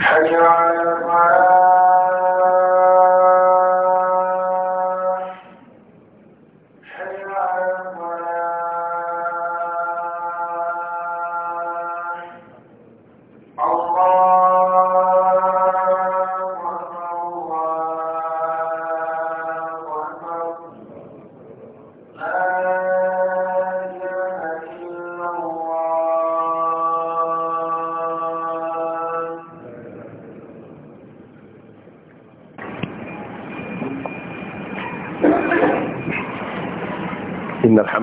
حي على الصلاه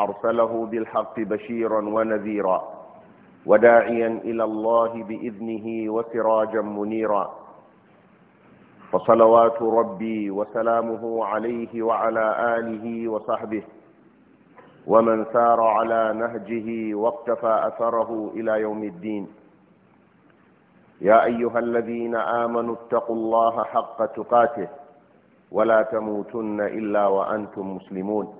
أرسله بالحق بشيرا ونذيرا وداعيا إلى الله بإذنه وسراجا منيرا فصلوات ربي وسلامه عليه وعلى آله وصحبه ومن سار على نهجه واقتفى أثره إلى يوم الدين يا أيها الذين آمنوا اتقوا الله حق تقاته ولا تموتن إلا وأنتم مسلمون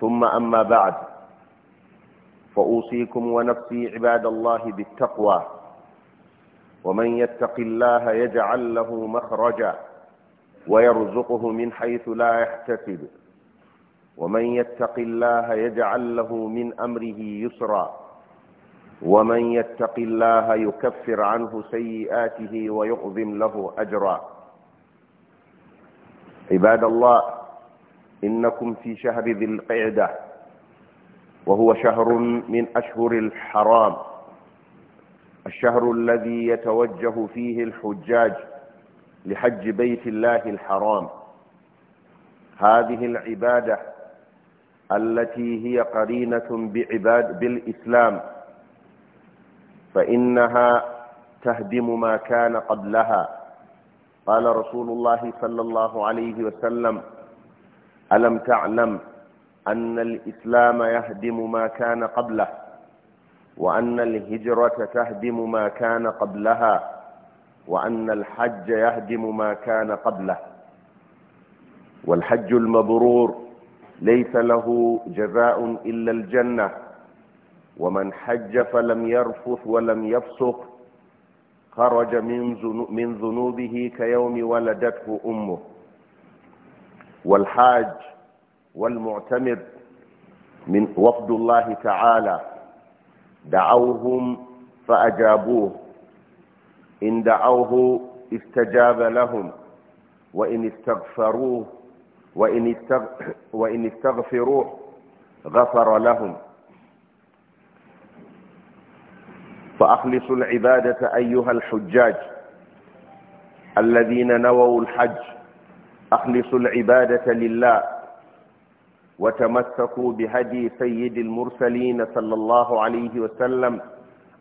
ثم أما بعد فأوصيكم ونفسي عباد الله بالتقوى ومن يتق الله يجعل له مخرجا ويرزقه من حيث لا يحتسب ومن يتق الله يجعل له من أمره يسرا ومن يتق الله يكفر عنه سيئاته ويعظم له أجرا عباد الله إنكم في شهر ذي القعدة وهو شهر من أشهر الحرام الشهر الذي يتوجه فيه الحجاج لحج بيت الله الحرام هذه العبادة التي هي قرينة بعباد بالإسلام فإنها تهدم ما كان قبلها قال رسول الله صلى الله عليه وسلم ألم تعلم أن الإسلام يهدم ما كان قبله وأن الهجرة تهدم ما كان قبلها وأن الحج يهدم ما كان قبله والحج المبرور ليس له جزاء إلا الجنة ومن حج فلم يرفث ولم يفسق خرج من ذنوبه كيوم ولدته أمه والحاج والمعتمر من وفد الله تعالى دعوهم فأجابوه إن دعوه استجاب لهم وإن استغفروه وإن, استغ... وإن استغفروه غفر لهم فأخلصوا العبادة أيها الحجاج الذين نووا الحج أخلصوا العبادة لله وتمسكوا بهدي سيد المرسلين صلى الله عليه وسلم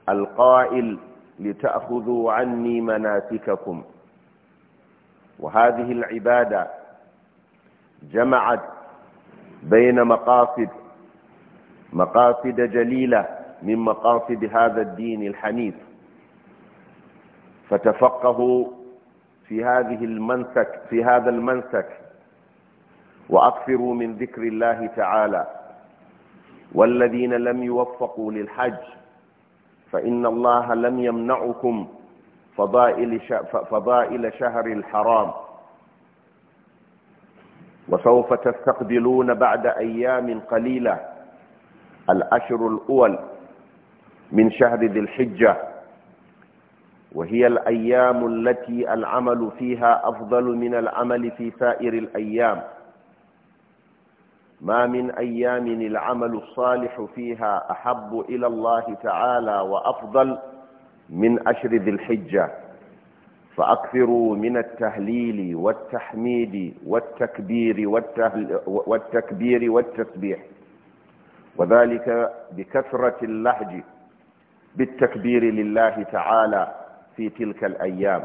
القائل لتأخذوا عني مناسككم وهذه العبادة جمعت بين مقاصد مقاصد جليلة من مقاصد هذا الدين الحنيف فتفقهوا في هذه المنسك في هذا المنسك وأكثروا من ذكر الله تعالى والذين لم يوفقوا للحج فإن الله لم يمنعكم فضائل, فضائل شهر الحرام وسوف تستقبلون بعد أيام قليلة الأشر الأول من شهر ذي الحجة وهي الأيام التي العمل فيها أفضل من العمل في سائر الأيام ما من أيام العمل الصالح فيها أحب إلى الله تعالى وأفضل من أشر ذي الحجة فأكثروا من التهليل والتحميد والتكبير, والتهل والتكبير والتسبيح وذلك بكثرة اللهج بالتكبير لله تعالى في تلك الأيام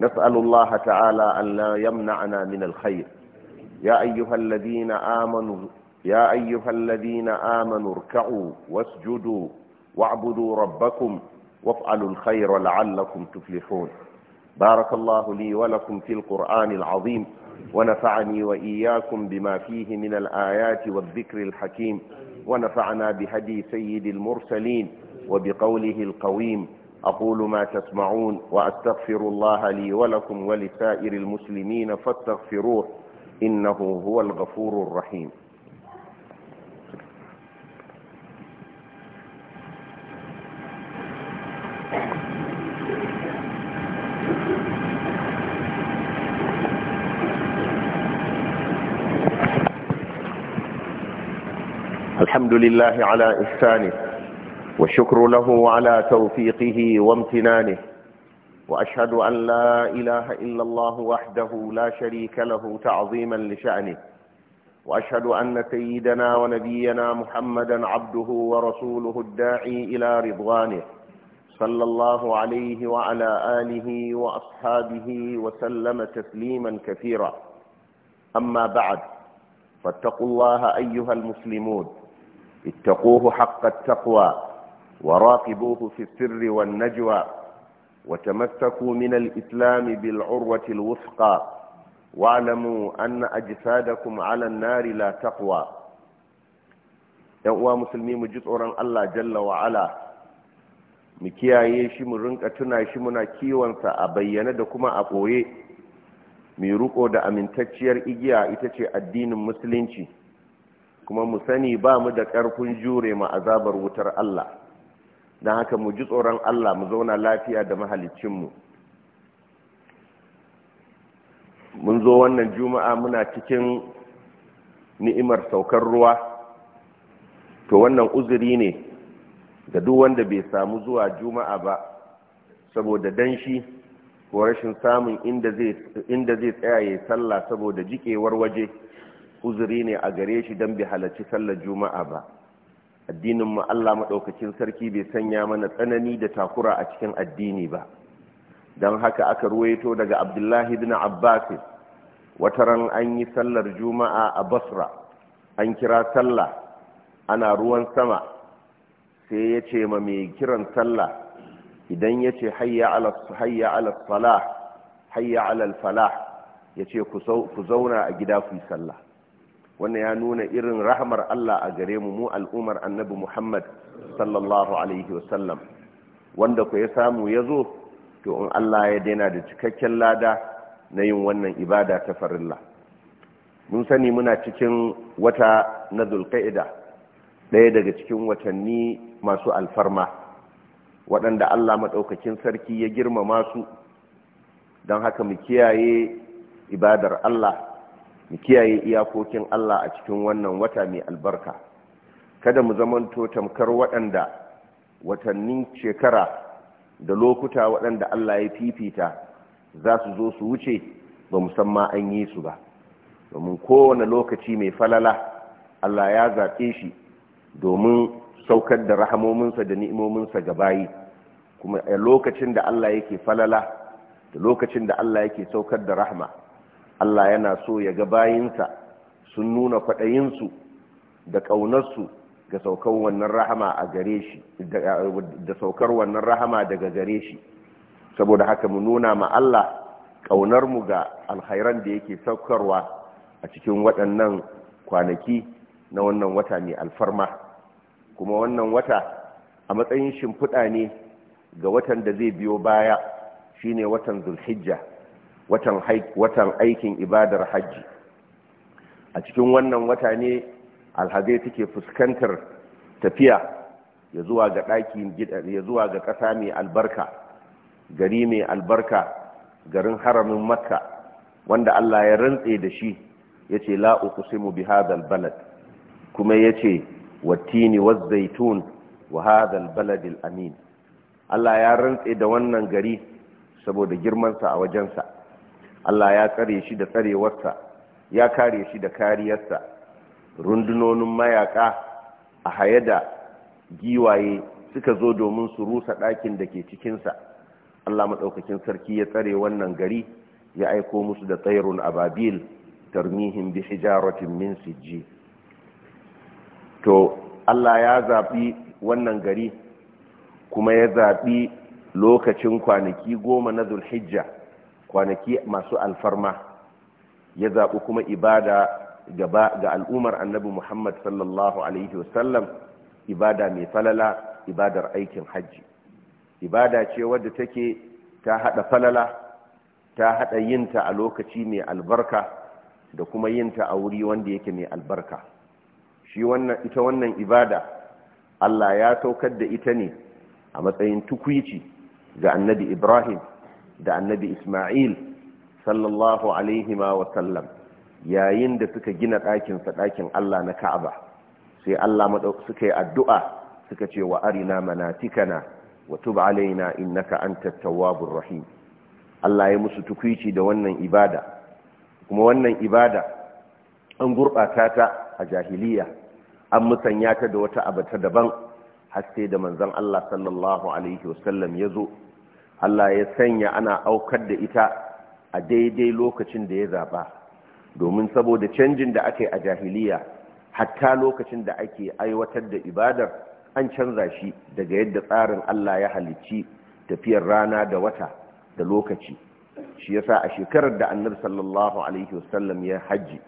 نسأل الله تعالى أن لا يمنعنا من الخير يا أيها الذين آمنوا يا أيها الذين آمنوا اركعوا واسجدوا واعبدوا ربكم وافعلوا الخير لعلكم تفلحون بارك الله لي ولكم في القرآن العظيم ونفعني وإياكم بما فيه من الآيات والذكر الحكيم ونفعنا بهدي سيد المرسلين وبقوله القويم أقول ما تسمعون وأستغفر الله لي ولكم ولسائر المسلمين فاستغفروه إنه هو الغفور الرحيم الحمد لله على إحسانه والشكر له على توفيقه وامتنانه واشهد ان لا اله الا الله وحده لا شريك له تعظيما لشانه واشهد ان سيدنا ونبينا محمدا عبده ورسوله الداعي الى رضوانه صلى الله عليه وعلى اله واصحابه وسلم تسليما كثيرا اما بعد فاتقوا الله ايها المسلمون اتقوه حق التقوى وراقبوه في السر والنجوى وتمسكوا من الإسلام بالعروة الوثقى واعلموا أن أجسادكم على النار لا تقوى يقوى مسلمين جزء الله جل وعلا mu kiyaye shi mu rinka tuna shi muna kiwonsa a bayyane da kuma a ɓoye mai ruko da amintacciyar igiya ita ce addinin musulunci kuma mu sani ba mu da ƙarfin jure ma azabar wutar Allah don haka mu ji tsoron Allah mu zauna lafiya da mahalicinmu mun zo wannan juma'a muna cikin ni'imar saukar ruwa to wannan uzuri ne ga duk wanda bai samu zuwa juma'a ba saboda danshi ko rashin samun inda zai tsaya ya sallah saboda jikewar waje uzuri ne a gare shi don bai halarci sallar juma'a ba addinin mu Allah madaukakin sarki bai sanya mana tsanani da takura a cikin addini ba don haka aka ruwaito daga Abdullahi ibn Abbas ran an yi sallar Juma'a a Basra an kira sallah ana ruwan sama sai ya ce ma mai kiran sallah idan ya ce hayya ala falah hayya ala falah ya ce ku zauna a gida ku yi sallah wannan ya nuna irin rahmar Allah a gare mu mu al'umar annabi Muhammad sallallahu alaihi wasallam wanda ku ya samu ya zo to in Allah ya daina da cikakken lada na yin wannan ibada ta farilla mun sani muna cikin wata na zulka'ida ɗaya daga cikin watanni masu alfarma waɗanda Allah maɗaukakin sarki ya girmama su don haka mu kiyaye ibadar Allah mu kiyaye iyakokin Allah a cikin wannan wata mai albarka kada mu zamanto tamkar waɗanda watannin shekara da lokuta waɗanda Allah ya fifita za su zo su wuce ba musamma an yi su ba domin kowane lokaci mai falala Allah ya zaɓe shi domin saukar da rahamominsa da ni'imominsa ga bayi kuma a lokacin da Allah yake falala da lokacin da Allah yake saukar da rahama Allah yana so ya ga bayinsa sun nuna kwaɗayinsu da ƙaunarsu ga saukar wannan rahama a gare shi da saukar wannan rahama daga gare shi saboda haka mu nuna ma Allah ƙaunarmu ga alkhairan da yake saukarwa a cikin waɗannan kwanaki na wannan wata mai alfarma kuma wannan wata a matsayin shimfiɗa ne ga watan da zai biyo baya shine watan zulhijja watan aikin ibadar hajji a cikin wannan wata ne alhazai take fuskantar tafiya ya zuwa ga ya zuwa ga ƙasa mai albarka gari mai albarka garin haramin makka wanda allah ya rantse da shi ya ce mu bi hadal balad kuma ya ce wattini wazzaitun wa hadal baladil amin allah ya rantse da wannan gari saboda girmansa a wajensa Allah ya tsare shi da tsarewarsa ya kare shi da kariyarsa rundunonin mayaka a haye da giwaye suka zo domin su rusa ɗakin da ke cikinsa Allah maɗaukakin sarki ya tsare wannan gari ya aiko musu da tsairun ababil tarmihin bi hijaratin min sijji to Allah ya zaɓi wannan gari kuma ya zaɓi lokacin kwanaki goma na zulhijja kwanaki masu alfarma ya zaɓi kuma ibada gaba ga al'umar annabi muhammad sallallahu alaihi wasallam ibada mai falala ibadar aikin hajji ibada ce wadda take ta haɗa falala ta haɗa yinta a lokaci mai albarka da kuma yinta a wuri wanda yake mai albarka shi wannan ita wannan ibada Allah ya saukar da ita ne a matsayin tukwici ga annabi Ibrahim da annabi Ismail sallallahu alaihi wa sallam yayin da suka gina ɗakinsa ɗakin Allah na Ka'aba sai Allah suka yi addu'a suka ce wa arina manatikana wa tub alaina innaka antat tawwabur rahim Allah ya musu tukuici da wannan ibada kuma wannan ibada an gurɓata ta a jahiliya an musanya ta da wata abata daban har sai da manzon Allah sallallahu alaihi sallam ya zo Allah ya sanya ana aukar da ita a daidai lokacin da ya zaba domin saboda canjin da aka a jahiliya hatta lokacin da ake aiwatar da ibadar an canza shi daga yadda tsarin Allah ya halicci tafiyar rana da wata da lokaci shi yasa a shekarar da annabi sallallahu alaihi wasallam ya haji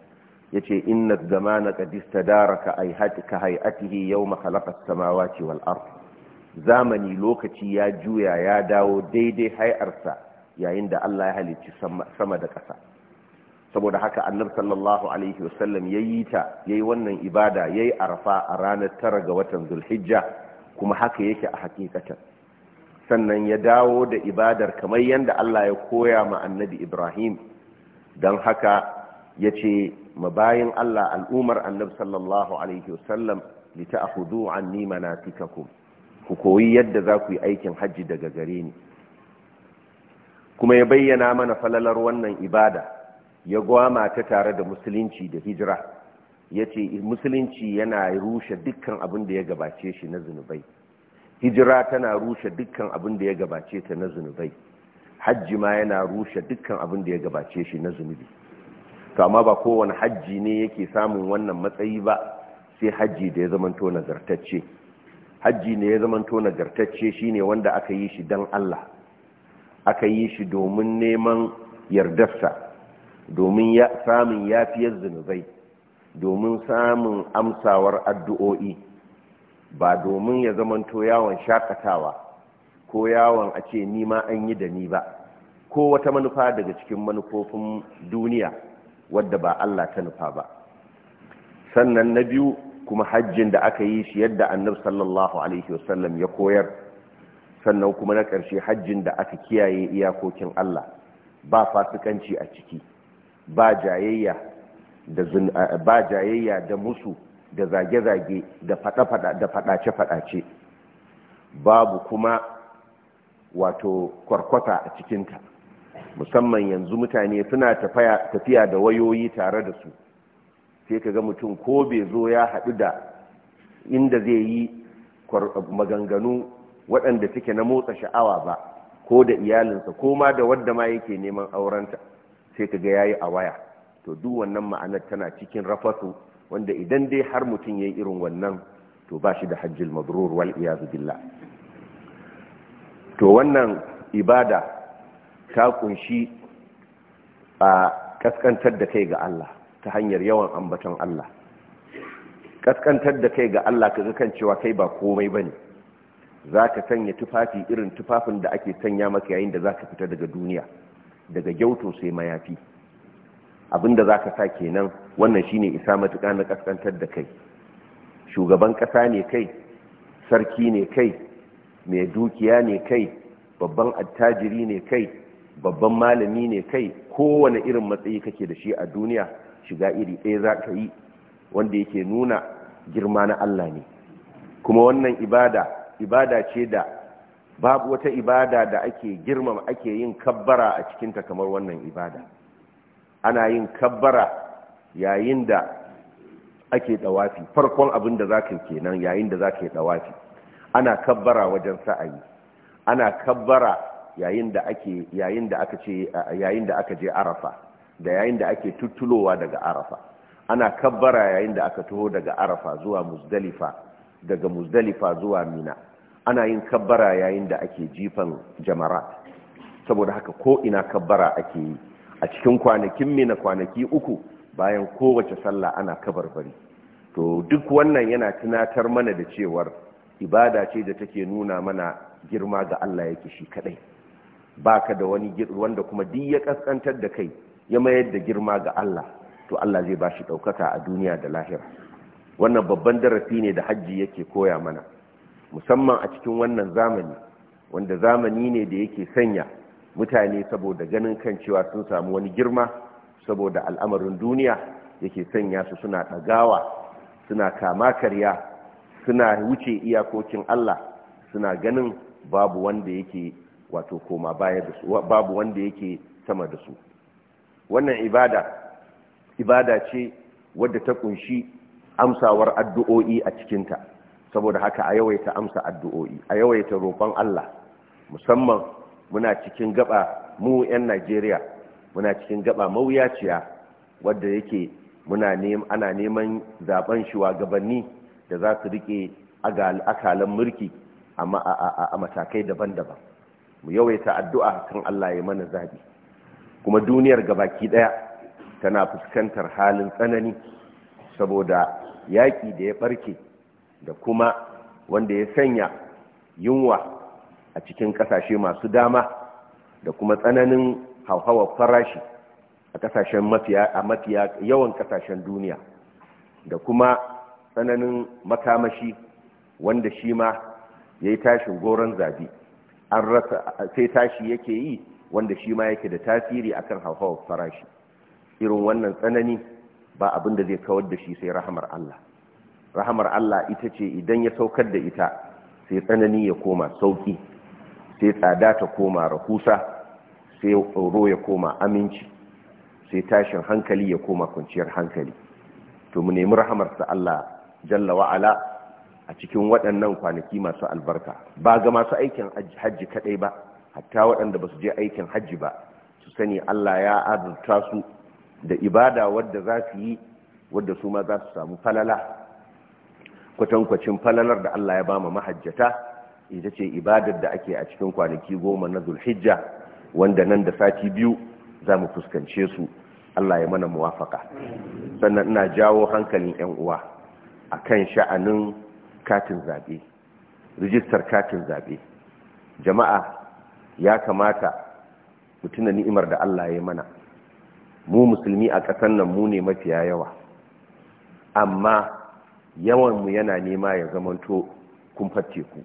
yace inna zamana qad istadaraka ay hatika hayatihi yawma khalaqa as-samawati wal ardh zamani lokaci ya juya ya dawo daidai hai'arsa yayin da Allah ya halicci sama da ƙasa saboda haka annabi sallallahu alaihi wasallam yayi ta yayi wannan ibada yayi arafa a ranar tara ga watan zulhijja kuma haka yake a hakikatan sannan ya dawo da ibadar kamar yadda Allah ya koya ma annabi Ibrahim don haka ya ce mabayin Allah al'umar annabi sallallahu alaihi wasallam li ta'khudhu anni manasikakum ku koyi yadda za ku yi aikin hajji daga gare ni kuma ya bayyana mana falalar wannan ibada ya gwama ta tare da musulunci da hijira ya ce musulunci yana rushe dukkan abin da ya gabace shi na zunubai hijira tana rushe dukkan abin da ya gabace ta na zunubai hajji ma yana rushe dukkan abin da ya gabace shi na zunubi to amma ba kowane hajji ne yake samun wannan matsayi ba sai hajji da ya zamanto nazartacce hajji ne ya zamanto nagartacce shine wanda aka yi shi don Allah aka yi shi domin neman yardarsa domin samun yafiyar zunubai domin samun amsawar addu'o'i ba domin ya zamanto yawon shakatawa ko yawon a ce nima an yi da ni ba ko wata manufa daga cikin manufofin duniya wadda ba Allah ta nufa ba sannan na biyu kuma hajjin da aka yi shi yadda annabi sallallahu alaihi wasallam ya koyar sannan kuma na ƙarshe hajjin da aka kiyaye iyakokin Allah ba fasikanci a ciki ba jayayya da ba jayayya da musu da zage-zage da fada-fada da fadace-fadace babu kuma wato kwarkwata a cikinta musamman yanzu mutane suna tafiya da wayoyi tare da su sai ka ga mutum ko bai zo ya haɗu da inda zai yi maganganu waɗanda suke na motsa sha'awa ba ko da iyalinsa ko ma da wadda ma yake neman aurenta sai ka ga yayi a waya to duk wannan ma'anar tana cikin rafasu wanda idan dai har mutum ya yi irin wannan to ba shi da hajjil mabrur wal iyazu billah to wannan ibada ta kunshi a kaskantar da kai ga Allah ta hanyar yawan ambaton Allah kaskantar da kai ga Allah ka kan cewa kai ba komai bane ka sanya tufafi irin tufafin da ake sanya maka yayin da za ka fita daga duniya daga gyauto sai mayafi abinda ka sa kenan wannan shine isa matuka na kaskantar da kai shugaban ƙasa ne kai sarki ne kai mai dukiya ne kai babban attajiri ne kai babban malami ne kai kowane irin matsayi kake da shi a duniya shiga iri ɗaya za ka yi wanda yake nuna girma na Allah ne kuma wannan ibada ibada ce da babu wata ibada da ake girmama ake yin kabbara a cikinta kamar wannan ibada ana yin kabbara yayin da ake dawafi farkon abin da za ka kenan yayin da za ka yi dawafi ana kabbara wajen sa'ayi ana kabbara yayin aka ce yayin da aka je arafa da yayin da ake tuttulowa daga arafa ana kabbara yayin da aka taho daga arafa zuwa muzdalifa daga muzdalifa zuwa mina ana yin kabbara yayin da ake jifan jamarat saboda haka ko ina kabbara ake yi a cikin kwanakin mina kwanaki uku bayan kowace sallah ana kabar bari to duk wannan yana tunatar mana da cewar ibada ce da take nuna mana girma ga Allah yake shi kadai baka da wani wanda kuma duk ya kaskantar da kai ya mayar da girma ga Allah to Allah zai ba shi ɗaukaka a duniya da lahira wannan babban darasi ne da hajji yake koya mana musamman a cikin wannan zamani wanda zamani ne da yake sanya mutane saboda ganin kan cewa sun samu wani girma saboda al'amarin duniya yake sanya su suna ɗagawa suna kama karya suna wuce iyakokin Allah suna ganin babu wanda yake wato koma baya da su babu wanda yake sama da su wannan ibada ibada ce wadda ta kunshi amsawar addu'o'i a cikinta saboda haka a yawaita amsa addu'o'i a yawaita roƙon Allah musamman muna cikin gaba mu 'yan Najeriya muna cikin gaba mawuyaciya wadda yake muna ana neman zaben shugabanni da za su rike akalan mulki a matakai daban-daban mu yawaita addu'a kan Allah ya mana zabi kuma duniyar gabaki daya tana fuskantar halin tsanani saboda yaƙi da ya barke da kuma wanda ya sanya yunwa a cikin ƙasashe masu dama da kuma tsananin hauhawar farashi a kasashen mafiya yawan ƙasashen duniya da kuma tsananin makamashi wanda shi ma ya yi tashin goron zabi an rasa sai tashi yake yi wanda shi ma yake da tasiri akan hauhawar farashi irin wannan tsanani ba abin da zai kawar da shi sai rahamar Allah rahamar Allah ita ce idan ya saukar da ita sai tsanani ya koma sauki sai tsada ta koma rahusa sai tsoro ya koma aminci sai tashin hankali ya koma kwanciyar hankali to mu nemi rahamar sa Allah jalla wa'ala a cikin waɗannan kwanaki masu albarka ba ga masu aikin hajji kadai ba hatta waɗanda ba su je aikin hajji ba su sani Allah ya azurta su da ibada wadda za su yi wadda su ma za su samu falala kwatankwacin falalar da Allah ya ba ma mahajjata ita ce ibadar da ake a cikin kwanaki goma na zulhijja wanda nan da sati biyu za mu fuskance su Allah ya mana muwafaka sannan ina jawo hankalin 'yan uwa a kan sha'anin katin zaɓe rijistar katin zaɓe jama'a ya kamata mutuna ni'imar da Allah ya mana mu musulmi a ƙasar nan mu ne mafiya yawa amma yawan mu yana nema ya zamanto kun fatte ku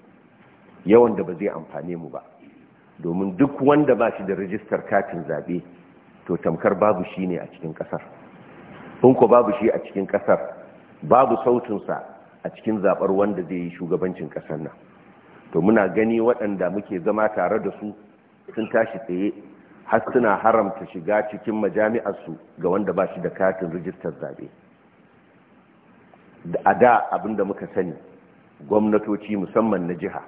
yawan da ba zai amfane mu ba domin duk wanda ba shi da rijistar katin zaɓe to tamkar babu shi ne a cikin ƙasar ko babu shi a cikin ƙasar babu sautinsa a cikin zaɓar wanda zai yi shugabancin ƙasar nan to muna gani waɗanda muke zama tare da su sun tashi tsaye har suna haramta shiga cikin majami'arsu ga wanda ba shi da katin rijistar zaɓe a da abin da muka sani gwamnatoci musamman na jiha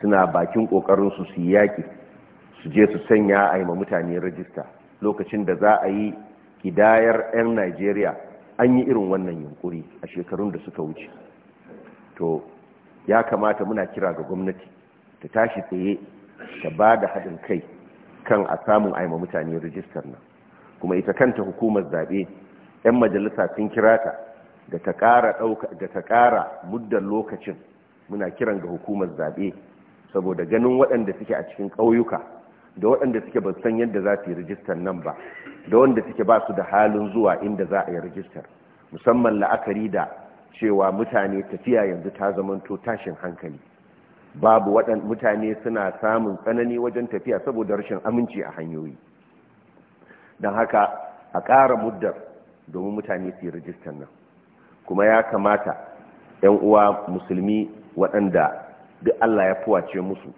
suna bakin ƙoƙarinsu su yi yaƙi su je su sanya a yi ma mutane rijista. lokacin da za a yi kidayar 'yan najeriya an yi irin wannan yunkuri a shekarun da suka wuce to ya kamata muna kira ga gwamnati ta tashi tsaye ta ba da haɗin kai kan a samun aima mutane rijistar nan kuma ita kanta hukumar zaɓe 'yan majalisa sun kira ta da ta ƙara muddan lokacin muna kiran ga hukumar zaɓe saboda ganin waɗanda suke a cikin ƙauyuka da waɗanda suke ba san yadda za su yi rijistar nan ba da wanda suke ba su da halin zuwa inda za a yi rijistar musamman la'akari da cewa mutane tafiya yanzu ta zamanto tashin hankali babu waɗan mutane suna samun tsanani wajen tafiya saboda rashin aminci a hanyoyi don haka a ƙara muddar domin mutane su yi rijistan nan kuma ya kamata 'yan uwa musulmi waɗanda duk Allah ya fuwace musu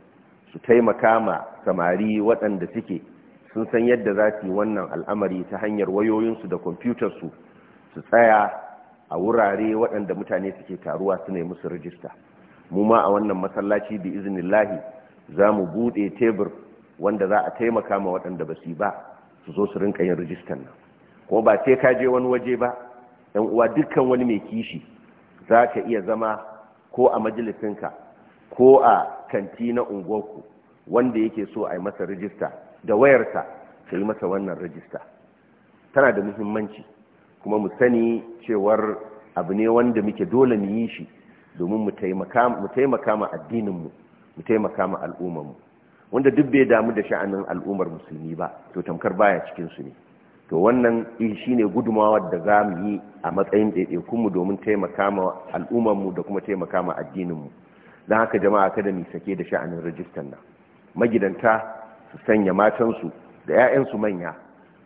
su taimaka ma samari waɗanda suke sun san yadda za su yi wannan al'amari ta hanyar wayoyinsu da kwamfutarsu su tsaya a wurare waɗanda mutane suke taruwa su ne musu rijista mu ma a wannan masallaci bi iznillahi za mu buɗe tebur wanda za a taimaka ma waɗanda ba su ba su zo su rinka yin rijistan nan kuma ba sai ka je wani waje ba yan uwa dukkan wani mai kishi za ka iya zama ko a majalisinka ko a kanti na unguwarku wanda yake so a yi masa rijista da wayarsa ka yi masa wannan rijista tana da muhimmanci kuma mu sani cewar abu ne wanda muke dole mu yi shi domin mu taimaka ma addininmu mu taimaka ma al'ummarmu wanda duk bai damu da sha'anin al'ummar musulmi ba to tamkar baya cikinsu ne to wannan eh, shi ne gudumawa da za mu yi a matsayin ɗaiɗaikunmu domin taimaka ma al'ummarmu da kuma taimaka ma addininmu don haka jama'a kada mu sake da sha'anin rajistan nan magidanta su sanya matansu da 'ya'yansu manya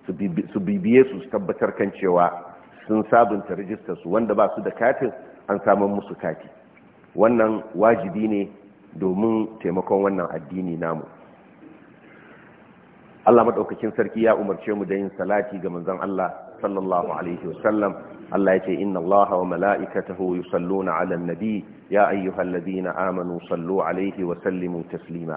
su bibiye su tabbatar kan cewa sun sabunta rijistar su wanda ba su da katin an samun musu kati wannan wajibi ne domin taimakon wannan addini namu Allah maɗaukakin sarki ya umarce mu da yin salati ga manzon Allah sallallahu alaihi wasallam Allah yace inna Allaha wa mala'ikatahu yusalluna 'alan nabi ya ayyuhalladhina amanu sallu 'alaihi wa sallimu taslima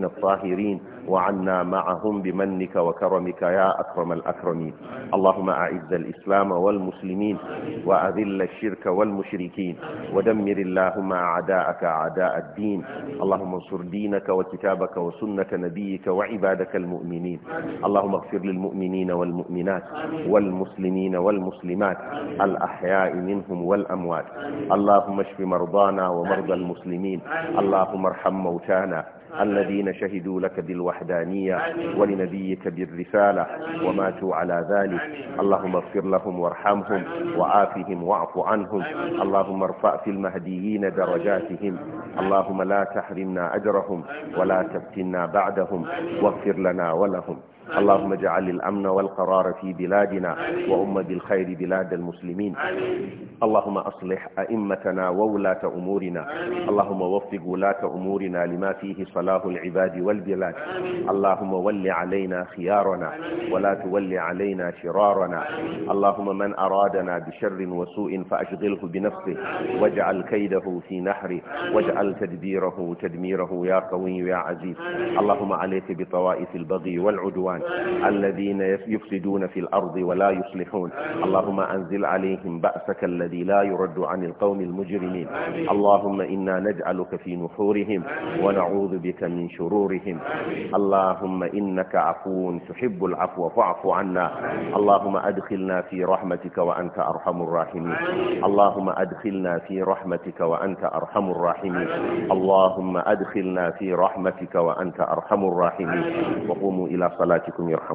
المؤمنين الطاهرين وعنا معهم بمنك وكرمك يا أكرم الأكرمين اللهم أعز الإسلام والمسلمين وأذل الشرك والمشركين ودمر اللهم أعداءك أعداء الدين اللهم انصر دينك وكتابك وسنة نبيك وعبادك المؤمنين اللهم اغفر للمؤمنين والمؤمنات والمسلمين والمسلمات الأحياء منهم والأموات اللهم اشف مرضانا ومرضى المسلمين اللهم ارحم موتانا الذين شهدوا لك بالوحدانية ولنبيك بالرسالة وماتوا على ذلك اللهم اغفر لهم وارحمهم وعافهم واعف عنهم اللهم ارفع في المهديين درجاتهم اللهم لا تحرمنا أجرهم ولا تفتنا بعدهم واغفر لنا ولهم اللهم اجعل الأمن والقرار في بلادنا وأم بالخير بلاد المسلمين اللهم أصلح أئمتنا وولاة أمورنا اللهم وفق ولاة أمورنا لما فيه صلاح العباد والبلاد اللهم ول علينا خيارنا ولا تول علينا شرارنا اللهم من أرادنا بشر وسوء فأشغله بنفسه واجعل كيده في نحره واجعل تدبيره تدميره يا قوي يا عزيز اللهم عليك بطوائف البغي والعدوان الإخوان الذين يفسدون في الأرض ولا يصلحون اللهم أنزل عليهم بأسك الذي لا يرد عن القوم المجرمين اللهم إنا نجعلك في نحورهم ونعوذ بك من شرورهم اللهم إنك عفو تحب العفو فاعف عنا اللهم أدخلنا في رحمتك وأنت أرحم الراحمين اللهم أدخلنا في رحمتك وأنت أرحم الراحمين اللهم أدخلنا في رحمتك وأنت أرحم الراحمين وقوموا إلى صلاة salatikum yarham